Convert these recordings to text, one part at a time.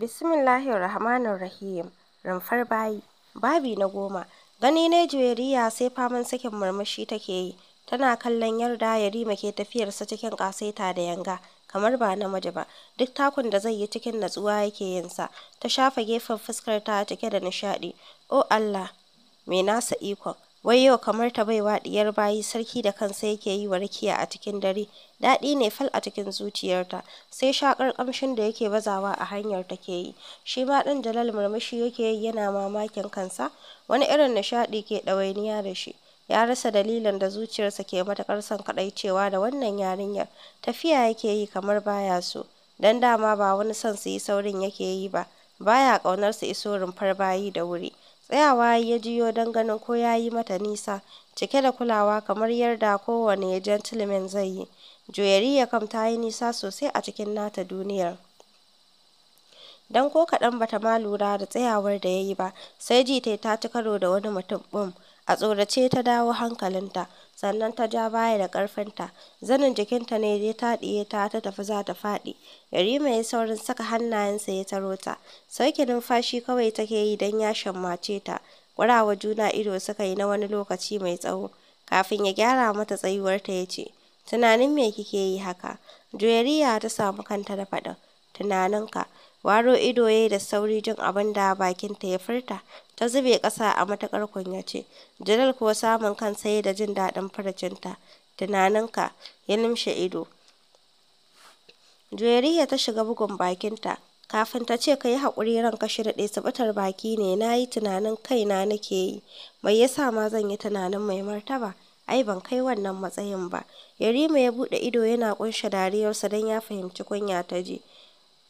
Bismillahir Rahmanir Rahim. Rumfar bayi. Babi na goma. Gani ne Juwairiya sai faman sakin murmushi take yi. Tana kallon yarda Yarima ke tafiyarsa cikin ƙasaita da yanga. kamar ba na namiji ba duk takun da zai yi cikin natsuwa yake yin sa ta shafa gefen fuskar ta cike da nishadi o Allah me nasa ikon Wai yau kamar ta baiwa ɗiyar bayi sarki da kansa yake yi wa rakiya a cikin dare, daɗi ne fal a cikin zuciyarta, sai shaƙar ƙamshin da yake bazawa a hanyar take yi. Shi ma ɗan Jalal murmushi yake yi yana mamakin kansa, wani irin nishaɗi ke ɗawainiya da shi. Ya rasa dalilin da zuciyarsa ke matuƙar son kaɗai cewa da wannan yarinyar, tafiya yake yi kamar baya so, don dama ba wani son su yi saurin yake yi ba, baya ƙaunar su iso rumfar bayi da wuri. Tsayawa ya jiyo don ganin ko ya yi mata nisa, cike da kulawa kamar yarda kowane ya gentleman zai yi. ya kam ta yi nisa sosai a cikin nata duniyar. Don ko kaɗan bata ma lura da tsayawar da ya yi ba, sai ji ta ta ci karo da wani mutum ɓum! A tsorace ta dawo hankalinta. sannan ta ja baya da ƙarfinta zanin jikinta ne ya taɗiye ta ta tafi za ta faɗi yarima ya saurin saka hannayensa ya taro ta sauke numfashi kawai take yi don ya shammace ta kurawa juna ido suka yi na wani lokaci mai tsawo kafin ya gyara mata tsayuwar ta ya ce tunanin me kike yi haka juyariya ta samu kanta da faɗin tunaninka Waro ido ya yi da sauri jin abin da bakinta ya furta, ta zube ƙasa a matuƙar kunyace. Jalal kuwa samun kan ya da jin daɗin furucinta. Tunaninka ya numshe ido. ya ta shiga bugun bakinta. Kafin ta ce ka yi haƙuri ranka shi daɗe sabatar baki ne na yi tunanin kaina nake yi. Mai sa ma zan yi tunanin mai martaba? ai ban kai wannan matsayin ba yarima ya buɗe ido yana kunshe dariyarsa don ya fahimci kunya ta ji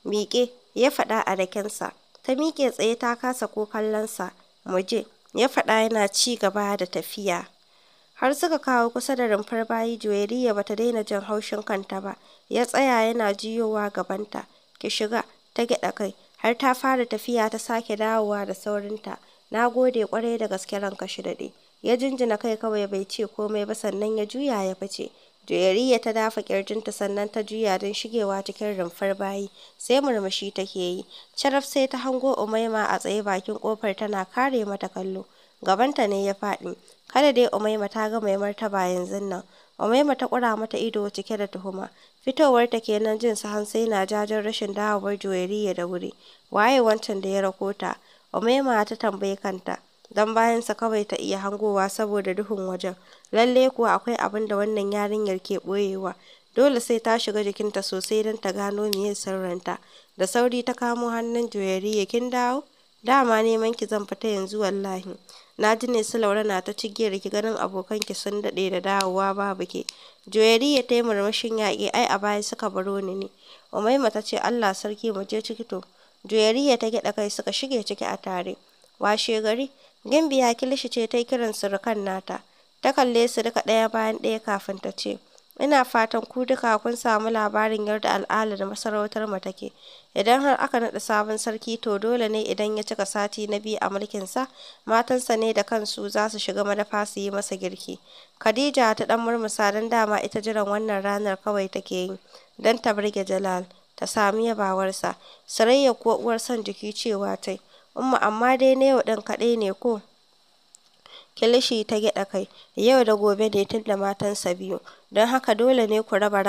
miƙe ya faɗa a rakensa. Ta miƙe tsaye ta kasa ko kallonsa, mu je, ya faɗa yana ci gaba da tafiya. Har suka kawo kusa da rumfar bayi juweriya bata daina jan haushin kanta ba, ya tsaya yana jiyowa gabanta. Ki shiga, ta gyaɗa kai, har ta fara tafiya ta sake dawowa da saurinta. Na gode kwarai da gaske ranka shi daɗe. Ya jinjina kai kawai bai ce komai ba sannan ya juya ya fice. Joyariya ta dafa ƙirjinta sannan ta juya don shigewa cikin rumfar bayi, sai murmushi take yi. Sharaf sai ta hango Umaima a tsaye bakin kofar tana kare mata kallo. Gabanta ne ya faɗi. Kada dai Umaima ta ga mai martaba yanzu nan. Umaima ta ƙura mata ido cike da tuhuma. Fitowar ta kenan jin su hansai na jajen rashin dawowar Joyariya da wuri. Waye wancan da ya rakota Umaima ta tambayi kanta. don bayansa kawai ta iya hangowa saboda duhun wajen. Lalle kuwa akwai abin da wannan yarinyar ke ɓoyewa. Dole sai ta shiga jikinta sosai don ta gano miye sirrinta. Da sauri ta kamo hannun ya kin dawo? Dama neman ki zan fita yanzu wallahi. Na ji ne su Laura na ta cigiyar ki ganin abokan ki, sun daɗe da dawowa babu ke. ya ta yi murmushin yaƙi ai a baya suka baro ni ne. Umaima ta ce Allah sarki mu je ciki to. ya ta gyaɗa kai suka shige ciki a tare. Washe gari Gimbiya kilishi ce ta yi kiran surukan nata. Ta kalle su duka ɗaya bayan ɗaya kafin ta ce, Ina fatan ku duka kun samu labarin yadda al'ada da masarautar mu take. Idan har aka naɗa sabon sarki to dole ne idan ya cika sati na biyu a mulkinsa, matansa ne da kansu za su shiga madafa su yi masa girki. Khadija ta ɗan murmusa don dama ita jiran wannan ranar kawai take yi, don ta burge Jalal, ta sami yabawarsa. Sarayya kuwa uwar son jiki cewa tai, Umma amma dai na yau ɗin kaɗai ne ko? Kilishi ta gyaɗa kai, yau da gobe ne tun da matansa biyu, don haka dole ne ku raba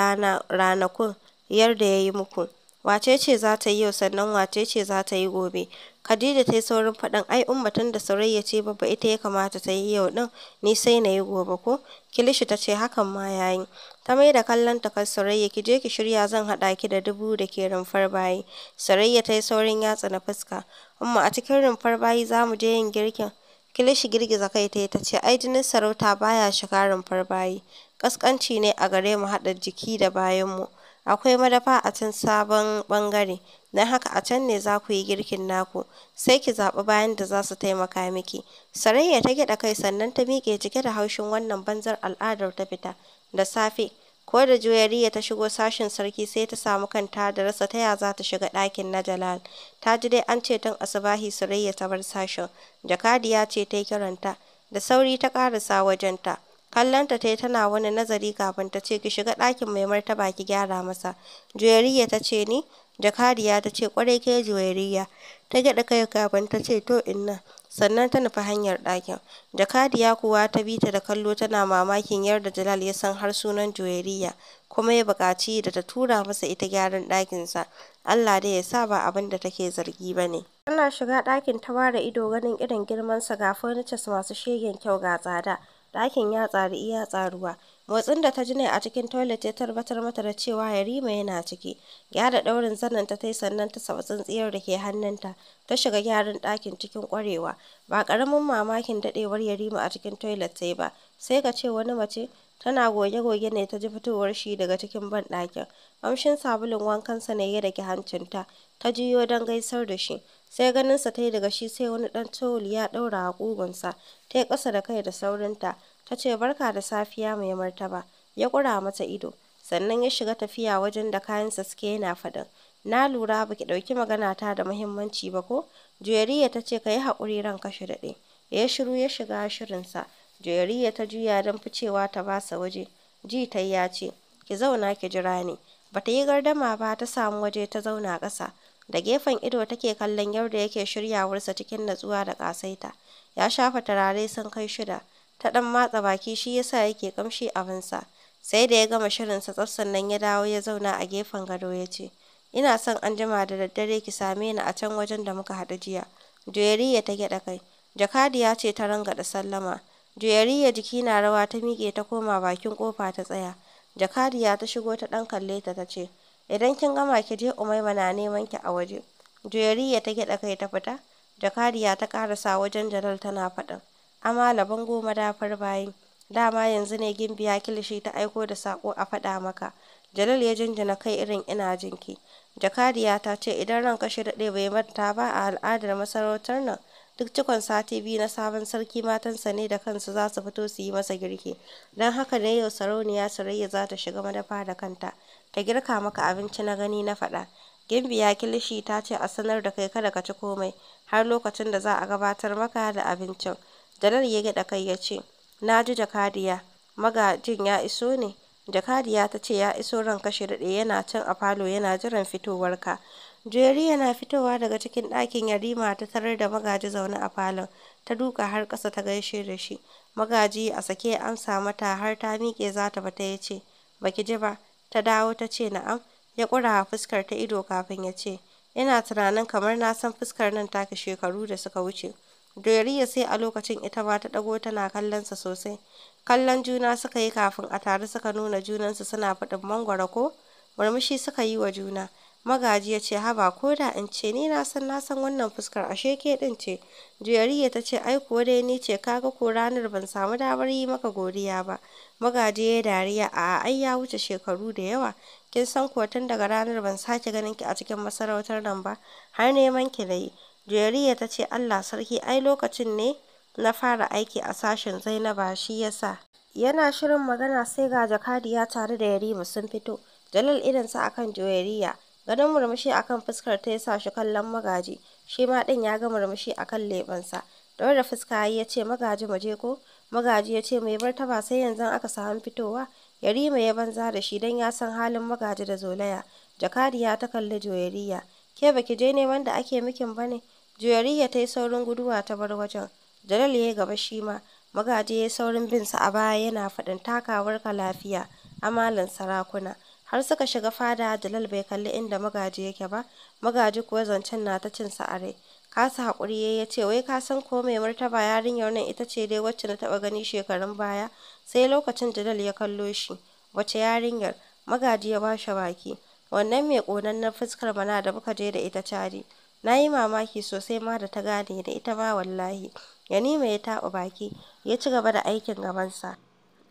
ranakun yadda ya yi muku. Wace ce za ta yi yau sannan wace ce za ta yi gobe? Khadija ta yi saurin faɗin ai Umma tun da saurayya ce babba ita ya kamata ta yi yau ɗin, ni sai na yi gobe ko? Kilishi ta ce hakan ma ya yi. ta mai da kallon ta kan Sarayya ki je ki shirya zan haɗa ki da dubu da ke rumfar bayi Sarayya ta yi saurin yatsa na fuska Amma a cikin rumfar bayi za mu je yin girkin Kilishi girgiza kai ta ta ce ai jinin sarauta baya shiga rumfar bayi kaskanci ne a gare mu haɗa jiki da bayanmu akwai madafa a can sabon bangare don haka a can ne za ku yi girkin naku sai ki zaɓi bayan da za su taimaka miki sarayya ta gyaɗa kai sannan ta miƙe cike da haushin wannan banzar al'adar ta fita Da safe, ko da juyariya ta shigo sashin sarki sai ta samu kanta da rasa ta ya za ta shiga ɗakin na Jalal. Ta ji dai an ce tun asubahi Surayya ta bar sashin. Jakadiya ce ta yi kiranta. Da sauri ta ƙarasa wajenta. Kallonta ta yi tana wani nazari kafin ta ce ki shiga ɗakin mai martaba ki gyara masa. juyariya ta ce ni, Jakadiya ta ce kwarai ke juyariya. Ta gyaɗa kai kafin ta ce to inna. sannan ta nufi hanyar ɗakin. Jakadiya kuwa ta bi ta da kallo tana mamakin yarda Jalal ya san har sunan Juwairiya, kuma ya buƙaci da ta tura masa ita gyaran ɗakinsa. Allah dai ya sa ba abin da take zargi ba ne. Tana shiga ɗakin ta ware ido ganin irin girmansa ga furnitures masu shegen kyau ga tsada. Ɗakin ya tsari iya tsaruwa. motsin da ta ji ne a cikin toilet ya tabbatar mata da cewa Yarima yana ciki. Gyara daurin zanen ta tai sannan ta saba tsintsiyar da ke hannunta. Ta shiga gyaran ɗakin cikin kwarewa Ba karamin mamakin dadewar Yarima a cikin toilet sai ba. Sai ka ce wani mace tana goge-goge ne ta ji fitowar shi daga cikin banɗakin. amshin sabulun wankansa ne ya rage hancinta. Ta jiyo don gaisar da shi. Sai ganinsa ta yi daga shi sai wani ɗan towul ya ɗaura a ƙugunsa. Ta yi ƙasa da kai da saurinta. ta ce barka da safiya mai martaba ya ƙura mata ido sannan ya shiga tafiya wajen da kayansa suke yana faɗin na lura baki ɗauki maganata da muhimmanci ba ko juyariya ta ce ka yi haƙuri ran kashe daɗe ya shiru ya shiga shirinsa juyariya ta juya don ficewa ta basa waje ji ta ya ce ki zauna ki jira ni bata yi gardama ba ta samu waje ta zauna ƙasa da gefen ido take kallon yadda yake shiryawarsa cikin natsuwa da ƙasaita ya shafa turare sun kai shida ta ɗan matsa baki shi yasa yake kamshi abinsa sai da ya gama shirinsa tsaf sannan ya dawo ya zauna a gefen gado ya ce ina son an jima da daddare ki same ni a can wajen da muka haɗu jiya juyariya ta gyaɗa kai jakadiya ce ta da sallama juyariya jiki na rawa ta miƙe ta koma bakin ƙofa ta tsaya jakadiya ta shigo ta ɗan kalle ta ta ce idan kin gama ki je umaima na neman ki a waje juyariya ta gyaɗa kai ta fita jakadiya ta ƙarasa wajen jalal tana faɗin Amala goma madafar bayi dama yanzu ne Gimbiya Kilishi ta aiko da sako a faɗa maka. Jalil ya jinjina kai irin ina jinki. Jakadiya ta ce idan ka shi daɗe bai manta ba a al'adar masarautar nan duk cikon sati biyu na sabon sarki matansa ne da kansu za su fito su yi masa girki. Don haka ne yau sarauniya Sarayya za ta shiga madafa da kanta ta girka maka abinci na gani na faɗa. Gimbiya Kilishi ta ce a sanar da kai kada ka ci komai har lokacin da za a gabatar maka da abincin. Janar ya gyaɗa kai ya ce, Na ji jakadiya, magajin ya iso ne? Jakadiya ta ce ya iso ran kashe daɗe yana can a falo yana jiran fitowarka. Jeri yana fitowa daga cikin ɗakin Yarima ta tarar da magaji zaune a falon. Ta duka har ƙasa ta gaishe da shi. Magaji a sake amsa mata har ta miƙe za ta fita ya ce, Baki ji ba, ta dawo ta ce na'am. Ya ƙura fuskar ta ido kafin ya ce, Ina tunanin kamar na san fuskar nan take shekaru da suka wuce. Doriya sai a lokacin ita ma ta ɗago tana kallonsa sosai. Kallon juna suka yi kafin a tare suka nuna junansu suna faɗin mangwara ko? Murmushi suka yi wa juna. Magaji ya ce haba ko da in ce ni na san na san wannan fuskar ashe ke din ce. Juyariya ta ce ai kuwa dai ni ce kaga ko ranar ban samu damar yi maka godiya ba. Magaji ya dariya a ai ya wuce shekaru da yawa. Kin san kuwa tun daga ranar ban sake ganin ki a cikin masarautar nan ba har neman ki da yi. Jeriya ta ce, Allah sarki, ai lokacin ne na fara aiki a sashen Zainaba shi yasa Yana shirin magana sai ga jakadiya tare da Yarima sun fito. Jalal sa akan Jeriya, ganin murmushi akan fuskar ta yasa shi kallon magaji, shi ma ɗin ya ga murmushi akan lebansa Dawar da fuska ya ce magaji mu je ko? Magaji ya ce mai bar ba sai yanzu aka samu fitowa. Yarima ya banza da shi don ya san halin magaji da zolaya. Jakadiya ta kalli Joyariya. Ke baki je ne wanda ake mikin bane? ya ta yi saurin guduwa ta bar wajen, Jalal ya yi gaba shi ma, Magaji ya yi saurin bin sa a baya yana faɗin takawar ka lafiya, amalan sarakuna. Har suka shiga fada Jalal bai kalli inda Magaji yake ba, Magaji kuwa zancen na ta cin sa a rai. Kasa haƙuri ya ce wai ka san ko mai martaba yarinyar nan ita ce dai wacce na taɓa gani shekarun baya, sai lokacin Jalal ya kallo shi. Wace yarinyar? Magaji ya ba shi baki. Wannan mai ƙonannen fuskar mana da muka je da ita cari. Na yi mamaki sosai ma da ta gane da ita ma wallahi. ya Yanima ya taɓa baki ya ci gaba da aikin gabansa.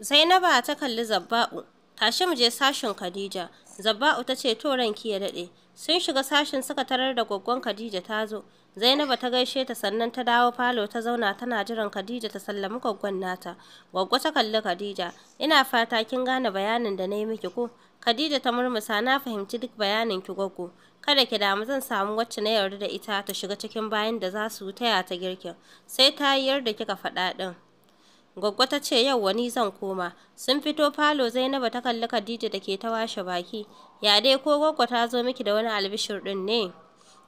Zainaba ta kalli Zabba'u, tashi mu je sashin Khadija. Zabba'u ta ce to ranki ya daɗe. Sun shiga sashin suka tarar da gwaggon Khadija ta zo. Zainaba ta gaishe ta sannan ta dawo falo ta zauna tana jiran Khadija ta sallami gwaggon nata. Gwaggo ta kalli Khadija, ina fata kin gane bayanin da na yi miki ko? Khadija ta murmusa na fahimci duk bayanin ki gwaggo. Kada ki damu zan samu wacce na yarda da ita ta shiga cikin bayan da za su taya ta girkin. Sai ta yi yarda kika faɗa ɗin. Goggo ta ce yau wani zan koma. Sun fito falo Zainabu ta kalli Khadija da ke ta washe baki. Ya dai ko Goggo ta zo miki da wani albishir ɗin ne?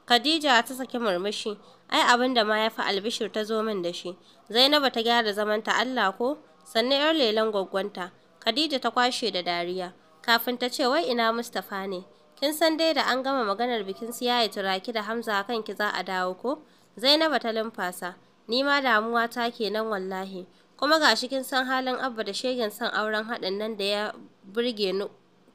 Khadija ta saki murmushi. Ai abin da ma ya fi albishir ta zo min da shi. Zainabu ta gyara zamanta Allah ko? Sannan 'yar lelen gwaggwanta. Khadija ta kwashe da dariya. kafin ta ce wai ina Mustapha ne kin san dai da an gama maganar bikin su yayi turaki da Hamza kan ki za a dawo ko Zainaba ta limfasa ni ma damuwa ta kenan wallahi kuma gashi kin san halin Abba da shegen san auren haɗin nan da ya burge ni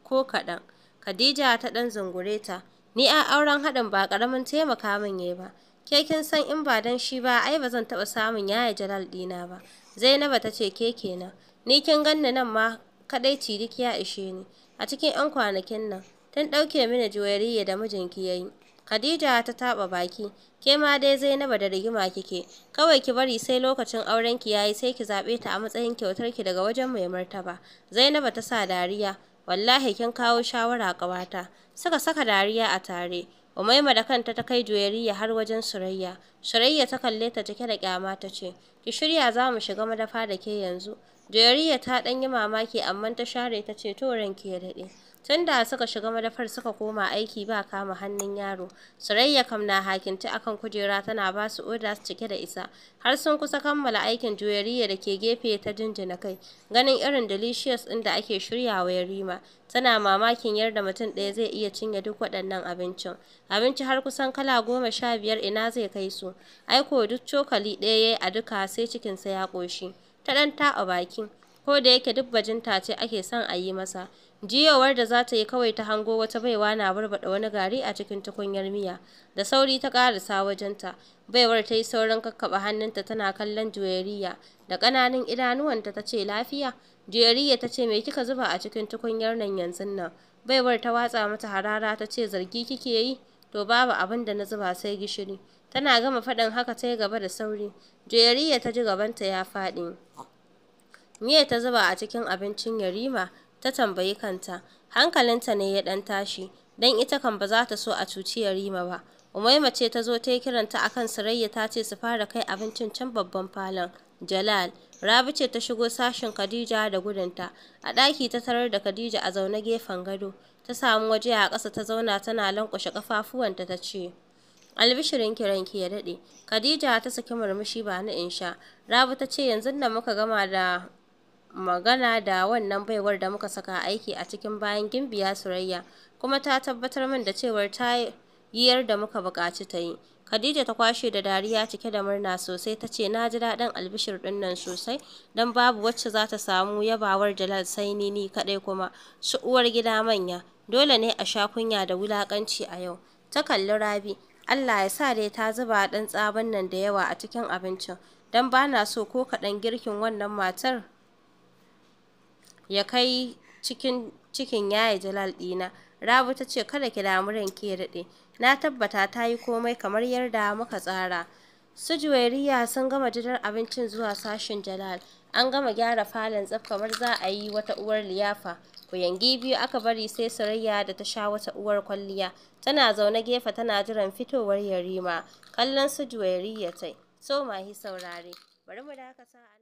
ko kaɗan Khadija ta ɗan zungure ta ni a auren haɗin ba ƙaramin taimaka min yayi ba ke kin san in ba dan shi ba ai ba zan taɓa samun yaya Jalal ɗina ba Zainaba ta ce ke kenan ni kin ganni nan ma kaɗaici duk ya ishe ni a cikin 'yan kwanakin nan tun ɗauke mini juwariya da mijinki ya yi Khadija ta taɓa baki ke ma dai Zainabu da rigima kike kawai ki bari sai lokacin aurenki yayi sai ki zaɓe ta a matsayin kyautarki daga wajen mai martaba Zainabu ta sa dariya wallahi kin kawo shawara ƙawata suka saka dariya a tare Umaima da kanta ta kai joyariya har wajen Surayya. Surayya ta kalle ta cike da kyama ta ce, "Ki shirya za mu shiga madafa da ke yanzu." Joyariya ta ɗan yi mamaki amma ta share ta ce, "To ranki ya daɗe." Tun da suka shiga madafar suka koma aiki ba kama hannun yaro. Surayya kam na hakinta akan kujera tana ba su orders cike da isa. Har sun kusa kammala aikin juyariya da ke gefe ta jinjina kai. Ganin irin delicious ɗin da ake shiryawa Yarima. Tana mamakin yarda mutum ɗaya zai iya cinye duk waɗannan abincin. Abinci har kusan kala goma sha biyar ina zai kai su. Aiko duk cokali ɗaya ya yi a duka sai cikinsa ya ƙoshi. Ta ɗan a baki. Ko da yake duk bajinta ce ake son a yi masa. jiyowar da za ta yi kawai ta hango wata baiwa na barbaɗa wani gari a cikin tukunyar miya da sauri ta ƙarasa wajenta baiwar ta yi saurin kakkaɓa hannunta tana kallon juyariya. da ƙananan idanuwanta ta ce lafiya Juyariya ta ce me kika zuba a cikin tukunyar nan yanzu nan baiwar ta watsa mata harara ta ce zargi kike yi to babu abin da na zuba sai gishiri tana gama faɗin haka ta yi gaba da sauri Juyariya ta ji gabanta ya faɗi miya ta zuba a cikin abincin yarima ta tambayi kanta, hankalinta ne ya ɗan tashi, don ita kan ba za ta so a cuci Yarima ba. Umaima ce ta zo ta yi kiranta a kan ta ce su fara kai abincin can babban falon. Jalal, Rabi ce ta shigo sashin Khadija da gudunta. A ɗaki ta tarar da Khadija a zaune gefen gado. Ta samu waje a ƙasa ta zauna tana lankwashe kafafuwanta ta ce, Albishirin kiranki ya dade Khadija ta saki murmushi ba na insha. Rabi ta ce yanzu nan muka gama da magana da wannan baiwar da muka saka aiki a cikin bayan gimbiya Surayya kuma ta tabbatar min da cewar ta yi da muka buƙaci ta yi. Khadija ta kwashe da dariya cike da murna sosai ta ce na ji daɗin albishir ɗinnan sosai don babu wacce za ta samu yabawar Jalal sai ni ni kaɗai kuma su uwar gida manya dole ne a sha kunya da wulaƙanci a yau. Ta kalli Rabi Allah ya sa dai ta zuba ɗan tsaban nan da yawa a cikin abincin don ba na so ko kaɗan girkin wannan matar ya kai cikin cikin yaye Jalal ɗina. Rabu ta ce kada ki damu ranki ya daɗe. Na tabbata ta yi komai kamar yarda muka tsara. Su juwairiya sun gama jidar abincin zuwa sashin Jalal. An gama gyara falon tsaf kamar za a yi wata uwar liyafa. Ku Kuyangi biyu aka bari sai Surayya da ta sha wata uwar kwalliya. Tana zaune gefe tana jiran fitowar Yarima. Kallon su juwairiya tai. So mahi saurare. Bari mu dakata